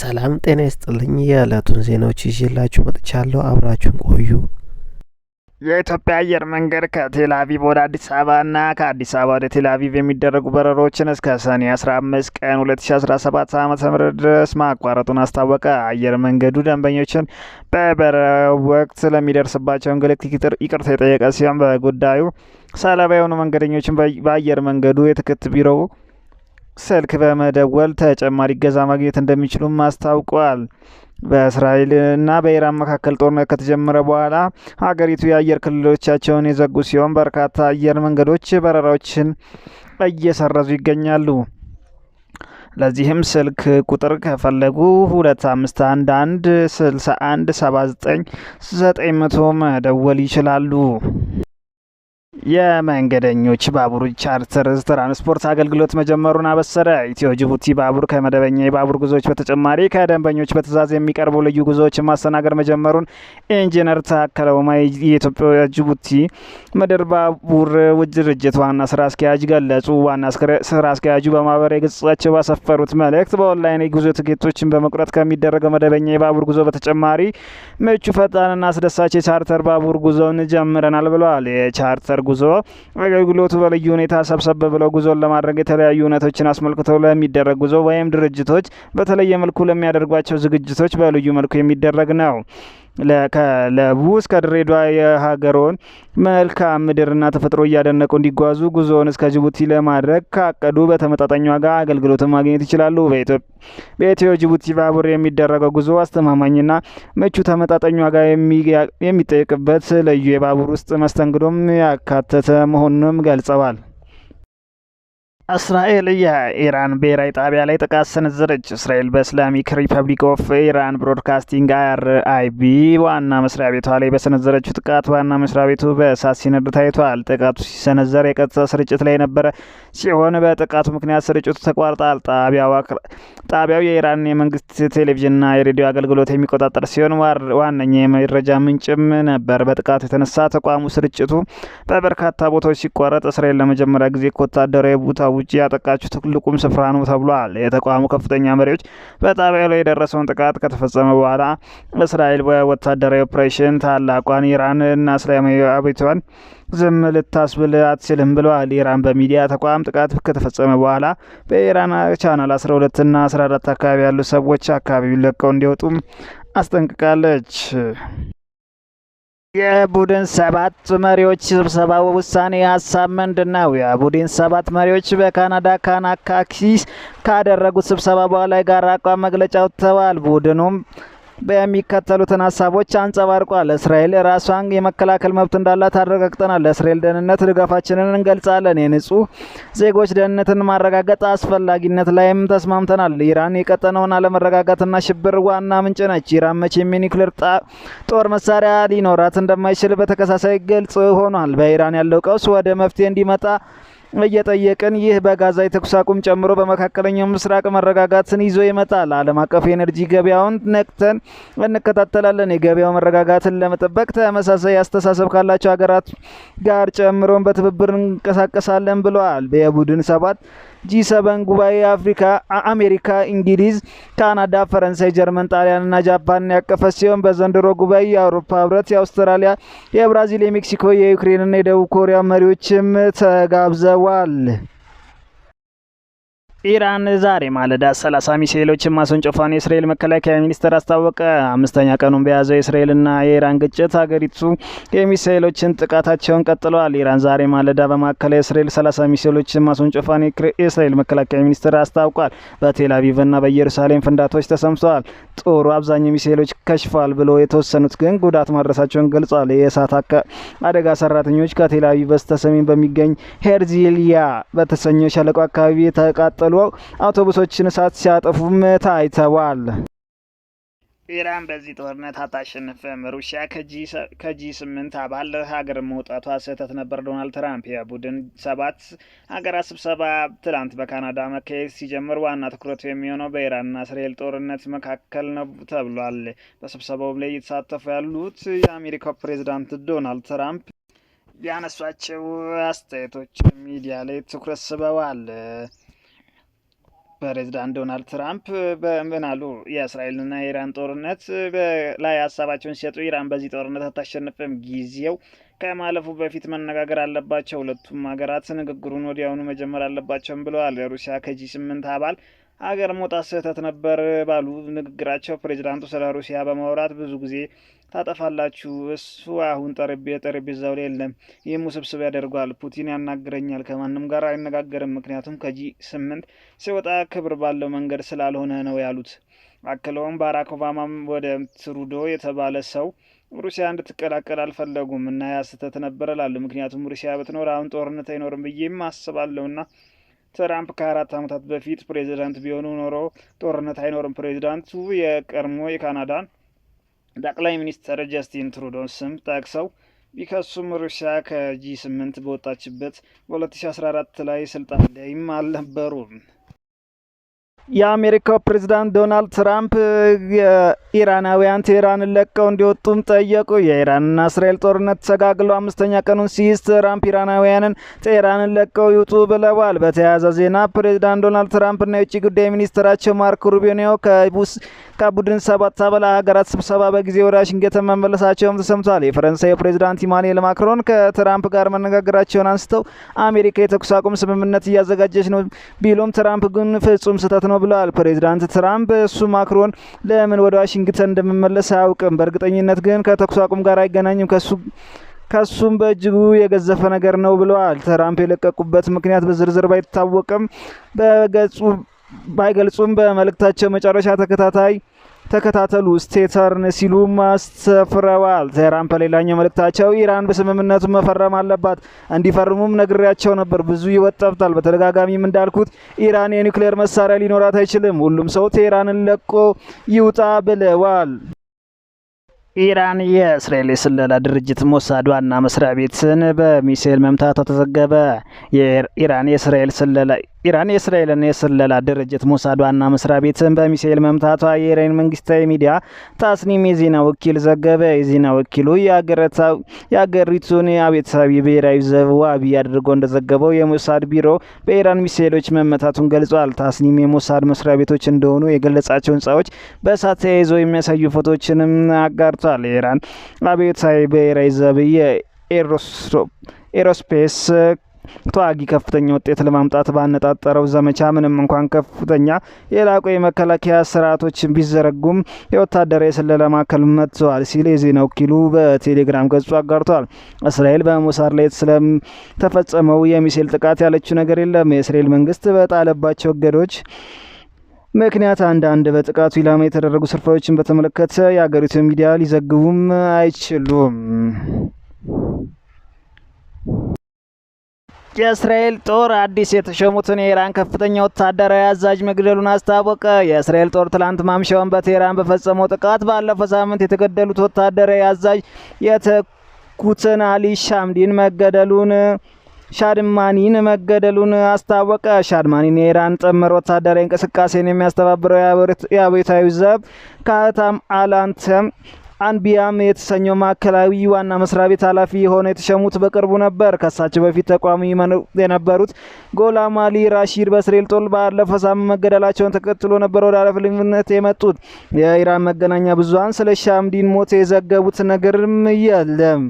ሰላም ጤና ይስጥልኝ። የዕለቱን ዜናዎች ይዤላችሁ መጥቻለሁ። አብራችሁን ቆዩ። የኢትዮጵያ አየር መንገድ ከቴላቪቭ ወደ አዲስ አበባና ከአዲስ አበባ ወደ ቴላቪቭ የሚደረጉ በረሮችን እስከ ሰኔ 15 ቀን 2017 ዓ ም ድረስ ማቋረጡን አስታወቀ። አየር መንገዱ ደንበኞችን በበረራው ወቅት ስለሚደርስባቸው እንግልት ይቅርታ የጠየቀ ሲሆን በጉዳዩ ሰለባ የሆኑ መንገደኞችን በአየር መንገዱ የትክት ቢሮው ስልክ በመደወል ተጨማሪ እገዛ ማግኘት እንደሚችሉም አስታውቋል። በእስራኤልና በኢራን መካከል ጦርነት ከተጀመረ በኋላ ሀገሪቱ የአየር ክልሎቻቸውን የዘጉ ሲሆን በርካታ አየር መንገዶች በረራዎችን እየሰረዙ ይገኛሉ። ለዚህም ስልክ ቁጥር ከፈለጉ 2511 6179 900 መደወል ይችላሉ። የመንገደኞች ባቡር ቻርተር ትራንስፖርት አገልግሎት መጀመሩን አበሰረ። ኢትዮ ጅቡቲ ባቡር ከመደበኛ የባቡር ጉዞዎች በተጨማሪ ከደንበኞች በትዕዛዝ የሚቀርቡ ልዩ ጉዞዎችን ማስተናገድ መጀመሩን ኢንጂነር ታከለ ኡማ የኢትዮጵያ ጅቡቲ ምድር ባቡር ድርጅት ዋና ስራ አስኪያጅ ገለጹ። ዋና ስራ አስኪያጁ በማህበራዊ ገጻቸው ባሰፈሩት መልእክት በኦንላይን የጉዞ ትኬቶችን በመቁረጥ ከሚደረገው መደበኛ የባቡር ጉዞ በተጨማሪ ምቹ፣ ፈጣንና አስደሳች የቻርተር ባቡር ጉዞን ጀምረናል ብለዋል። የቻርተር ጉ ጉዞ አገልግሎቱ በልዩ ሁኔታ ሰብሰብ ብለው ጉዞን ለማድረግ የተለያዩ እውነቶችን አስመልክተው ለሚደረግ ጉዞ ወይም ድርጅቶች በተለየ መልኩ ለሚያደርጓቸው ዝግጅቶች በልዩ መልኩ የሚደረግ ነው። ከለቡ እስከ ድሬዳዋ የሀገሮን መልካም ምድርና ተፈጥሮ እያደነቁ እንዲጓዙ ጉዞውን እስከ ጅቡቲ ለማድረግ ካቀዱ በተመጣጣኝ ዋጋ አገልግሎትን ማግኘት ይችላሉ። በኢትዮ ጅቡቲ ባቡር የሚደረገው ጉዞ አስተማማኝና ምቹ ተመጣጣኝ ዋጋ የሚጠይቅበት ልዩ የባቡር ውስጥ መስተንግዶም ያካተተ መሆኑንም ገልጸዋል። እስራኤል የኢራን ብሔራዊ ጣቢያ ላይ ጥቃት ሰነዘረች። እስራኤል በእስላሚክ ሪፐብሊክ ኦፍ ኢራን ብሮድካስቲንግ ቢ ዋና መስሪያ ቤቷ ላይ በሰነዘረችው ጥቃት ዋና መስሪያ ቤቱ በእሳት ሲነድ ታይቷል። ጥቃቱ ሲሰነዘር የቀጥታ ስርጭት ላይ የነበረ ሲሆን በጥቃቱ ምክንያት ስርጭቱ ተቋርጧል። ጣቢያው የኢራን የመንግስት ቴሌቪዥንና የሬዲዮ አገልግሎት የሚቆጣጠር ሲሆን ዋነኛ የመረጃ ምንጭም ነበር። በጥቃቱ የተነሳ ተቋሙ ስርጭቱ በበርካታ ቦታዎች ሲቋረጥ እስራኤል ለመጀመሪያ ጊዜ ከወታደራዊ ቡታ ውጭ ያጠቃችሁ ትልቁም ስፍራ ነው ተብሏል። የተቋሙ ከፍተኛ መሪዎች በጣቢያው ላይ የደረሰውን ጥቃት ከተፈጸመ በኋላ እስራኤል በወታደራዊ ኦፕሬሽን ታላቋን ኢራን እና እስላማዊ አብዮቷን ዝም ልታስብል አትችልም ብለዋል። ኢራን በሚዲያ ተቋም ጥቃት ከተፈጸመ በኋላ በኢራን ቻናል 12ና 14 አካባቢ ያሉ ሰዎች አካባቢውን ለቀው እንዲወጡም አስጠንቅቃለች። የቡድን ሰባት መሪዎች ስብሰባ ውሳኔ ሀሳብ ምንድን ነው? የቡድን ሰባት መሪዎች በካናዳ ካናካኪስ ካደረጉት ስብሰባ በኋላ የጋራ አቋም መግለጫ አውጥተዋል። ቡድኑም የሚከተሉትን ሀሳቦች አንጸባርቋል። እስራኤል ራሷን የመከላከል መብት እንዳላት አረጋግጠናል። ለእስራኤል ደህንነት ድጋፋችንን እንገልጻለን። የንጹህ ዜጎች ደህንነትን ማረጋገጥ አስፈላጊነት ላይም ተስማምተናል። ኢራን የቀጠነውን አለመረጋጋትና ሽብር ዋና ምንጭ ነች። ኢራን መቼም የኒውክሌር ጦር መሳሪያ ሊኖራት እንደማይችል በተከሳሳይ ግልጽ ሆኗል። በኢራን ያለው ቀውስ ወደ መፍትሄ እንዲመጣ እየጠየቅን ይህ በጋዛ የተኩስ አቁም ጨምሮ በመካከለኛው ምስራቅ መረጋጋትን ይዞ ይመጣል። ዓለም አቀፍ የኤነርጂ ገበያውን ነቅተን እንከታተላለን። የገበያው መረጋጋትን ለመጠበቅ ተመሳሳይ አስተሳሰብ ካላቸው ሀገራት ጋር ጨምሮን በትብብር እንቀሳቀሳለን ብለዋል። የቡድን ሰባት ጂ7 ጉባኤ አፍሪካ፣ አሜሪካ፣ እንግሊዝ፣ ካናዳ፣ ፈረንሳይ፣ ጀርመን፣ ጣሊያን ና ጃፓንን ያቀፈ ሲሆን በዘንድሮ ጉባኤ የአውሮፓ ህብረት፣ የአውስትራሊያ፣ የብራዚል፣ የሜክሲኮ፣ የዩክሬንና የደቡብ ኮሪያ መሪዎችም ተጋብዘዋል። ኢራን ዛሬ ማለዳ 30 ሚሳኤሎችን ማስወንጨፏን የእስራኤል መከላከያ ሚኒስቴር አስታወቀ። አምስተኛ ቀኑን በያዘው የእስራኤልና የኢራን ግጭት ሀገሪቱ የሚሳኤሎችን ጥቃታቸውን ቀጥለዋል። ኢራን ዛሬ ማለዳ በማዕከላዊ እስራኤል 30 ሚሳኤሎችን ማስወንጨፏን የእስራኤል መከላከያ ሚኒስቴር አስታውቋል። በቴል አቪቭና በኢየሩሳሌም ፍንዳቶች ተሰምተዋል። ጦሩ አብዛኛው ሚሳኤሎች ከሽፏል ብሎ የተወሰኑት ግን ጉዳት ማድረሳቸውን ገልጿል። የእሳት አደጋ ሰራተኞች ከቴል አቪቭ በስተሰሜን በሚገኝ ሄርዚልያ በተሰኘው ሸለቆ አካባቢ የተቃጠሉ አውለው አውቶቡሶችን እሳት ሲያጠፉም ታይተዋል። ኢራን በዚህ ጦርነት አታሸንፍም። ሩሲያ ከጂ ስምንት አባል ሀገር መውጣቷ ስህተት ነበር። ዶናልድ ትራምፕ የቡድን ሰባት ሀገራት ስብሰባ ትላንት በካናዳ መካሄድ ሲጀምር ዋና ትኩረቱ የሚሆነው በኢራንና እስራኤል ጦርነት መካከል ነው ተብሏል። በስብሰባውም ላይ እየተሳተፉ ያሉት የአሜሪካው ፕሬዚዳንት ዶናልድ ትራምፕ ያነሷቸው አስተያየቶች ሚዲያ ላይ ትኩረት ስበዋል። ፕሬዚዳንት ዶናልድ ትራምፕ በምን አሉ? የእስራኤልና የኢራን ጦርነት ላይ ሀሳባቸውን ሲሰጡ ኢራን በዚህ ጦርነት አታሸንፍም፣ ጊዜው ከማለፉ በፊት መነጋገር አለባቸው፣ ሁለቱም ሀገራት ንግግሩን ወዲያውኑ መጀመር አለባቸውም ብለዋል። የሩሲያ ከጂ ስምንት አባል ሀገር መውጣት ስህተት ነበር ባሉ ንግግራቸው ፕሬዚዳንቱ ስለ ሩሲያ በማውራት ብዙ ጊዜ ታጠፋላችሁ፣ እሱ አሁን ጠረጴዛው ላይ የለም። ይህም ውስብስብ ያደርጓል። ፑቲን ያናግረኛል፣ ከማንም ጋር አይነጋገርም፣ ምክንያቱም ከጂ ስምንት ሲወጣ ክብር ባለው መንገድ ስላልሆነ ነው ያሉት። አክለውም ባራክ ኦባማም ወደ ትሩዶ የተባለ ሰው ሩሲያ እንድትቀላቀል አልፈለጉም እና ያ ስህተት ነበር ላሉ፣ ምክንያቱም ሩሲያ ብትኖር አሁን ጦርነት አይኖርም ብዬም አስባለሁና ትራምፕ ከአራት ዓመታት በፊት ፕሬዚዳንት ቢሆኑ ኖሮ ጦርነት አይኖርም። ፕሬዚዳንቱ የቀድሞ የካናዳን ጠቅላይ ሚኒስትር ጀስቲን ትሩዶን ስም ጠቅሰው ቢከሱም ሩሲያ ከጂ ስምንት በወጣችበት በ2014 ላይ ስልጣን ላይም አልነበሩም። የአሜሪካው ፕሬዝዳንት ዶናልድ ትራምፕ የኢራናውያን ቴህራንን ለቀው እንዲወጡም ጠየቁ። የኢራንና እስራኤል ጦርነት ተጋግሎ አምስተኛ ቀኑን ሲይዝ ትራምፕ ኢራናውያንን ቴህራንን ለቀው ይውጡ ብለዋል። በተያያዘ ዜና ፕሬዝዳንት ዶናልድ ትራምፕና የውጭ ጉዳይ ሚኒስትራቸው ማርክ ሩቢኒዮ ከቡድን ሰባት አባል ሀገራት ስብሰባ በጊዜ ወደ ዋሽንግተን መመለሳቸውም ተሰምቷል። የፈረንሳዩ ፕሬዝዳንት ኢማኑኤል ማክሮን ከትራምፕ ጋር መነጋገራቸውን አንስተው አሜሪካ የተኩስ አቁም ስምምነት እያዘጋጀች ነው ቢሉም ትራምፕ ግን ፍጹም ስህተት ነው ነው ብለዋል። ፕሬዚዳንት ትራምፕ እሱ ማክሮን ለምን ወደ ዋሽንግተን እንደመመለስ አያውቅም፣ በእርግጠኝነት ግን ከተኩስ አቁም ጋር አይገናኝም ከሱ ከሱም በእጅጉ የገዘፈ ነገር ነው ብለዋል። ትራምፕ የለቀቁበት ምክንያት በዝርዝር ባይታወቅም በገጹ ባይገልጹም በመልእክታቸው መጨረሻ ተከታታይ ተከታተሉ ስቴተርን ሲሉም አስተፍረዋል። ቴህራን በሌላኛው መልእክታቸው ኢራን በስምምነቱ መፈረም አለባት፣ እንዲፈርሙም ነግሬያቸው ነበር። ብዙ ይወጠብታል። በተደጋጋሚም እንዳልኩት ኢራን የኒውክሌር መሳሪያ ሊኖራት አይችልም። ሁሉም ሰው ቴህራንን ለቆ ይውጣ ብለዋል። ኢራን የእስራኤል የስለላ ድርጅት ሞሳድ ዋና መስሪያ ቤትን በሚሳኤል መምታቷ ተዘገበ። የኢራን የእስራኤል ስለላ ኢራን የእስራኤልን የስለላ ድርጅት ሞሳድ ዋና መስሪያ ቤትን በሚሳኤል መምታቷ የኢራን መንግስታዊ ሚዲያ ታስኒም የዜና ወኪል ዘገበ። የዜና ወኪሉ የአገሪቱን አብዮታዊ ብሔራዊ ዘብ ዋቢ አድርጎ እንደዘገበው የሞሳድ ቢሮ በኢራን ሚሳኤሎች መመታቱን ገልጿል። ታስኒም የሞሳድ መስሪያ ቤቶች እንደሆኑ የገለጻቸው ህንፃዎች በእሳት ተያይዘው የሚያሳዩ ፎቶዎችንም አጋርቷል። የኢራን አብዮታዊ ብሔራዊ ዘብ የኤሮስፔስ ተዋጊ ከፍተኛ ውጤት ለማምጣት ባነጣጠረው ዘመቻ ምንም እንኳን ከፍተኛ የላቁ የመከላከያ ስርዓቶች ቢዘረጉም የወታደራዊ የስለላ ማዕከል መጥተዋል ሲል የዜና ወኪሉ በቴሌግራም ገጹ አጋርቷል። እስራኤል በሞሳድ ላይ ስለተፈጸመው የሚሳኤል ጥቃት ያለችው ነገር የለም። የእስራኤል መንግስት በጣለባቸው እገዶች ምክንያት አንዳንድ በጥቃቱ ኢላማ የተደረጉ ስፍራዎችን በተመለከተ የሀገሪቱ ሚዲያ ሊዘግቡም አይችሉም። የእስራኤል ጦር አዲስ የተሾሙትን የኢራን ከፍተኛ ወታደራዊ አዛዥ መግደሉን አስታወቀ። የእስራኤል ጦር ትላንት ማምሻውን በቴህራን በፈጸመው ጥቃት ባለፈው ሳምንት የተገደሉት ወታደራዊ አዛዥ የተኩትን አሊ ሻምዲን መገደሉን ሻድማኒን መገደሉን አስታወቀ። ሻድማኒን የኢራን ጥምር ወታደራዊ እንቅስቃሴን የሚያስተባብረው የአብዮታዊ ዘብ ካህታም አላንተም አንቢያም የተሰኘው ማዕከላዊ ዋና መስሪያ ቤት ኃላፊ የሆነ የተሸሙት በቅርቡ ነበር። ከሳቸው በፊት ተቋሚ የነበሩት ጎላም አሊ ራሺድ በእስራኤል ጦር ባለፈው ሳምንት መገደላቸውን ተከትሎ ነበር ወደ ኃላፊነት የመጡት። የኢራን መገናኛ ብዙሃን ስለ ሻምዲን ሞት የዘገቡት ነገርም የለም።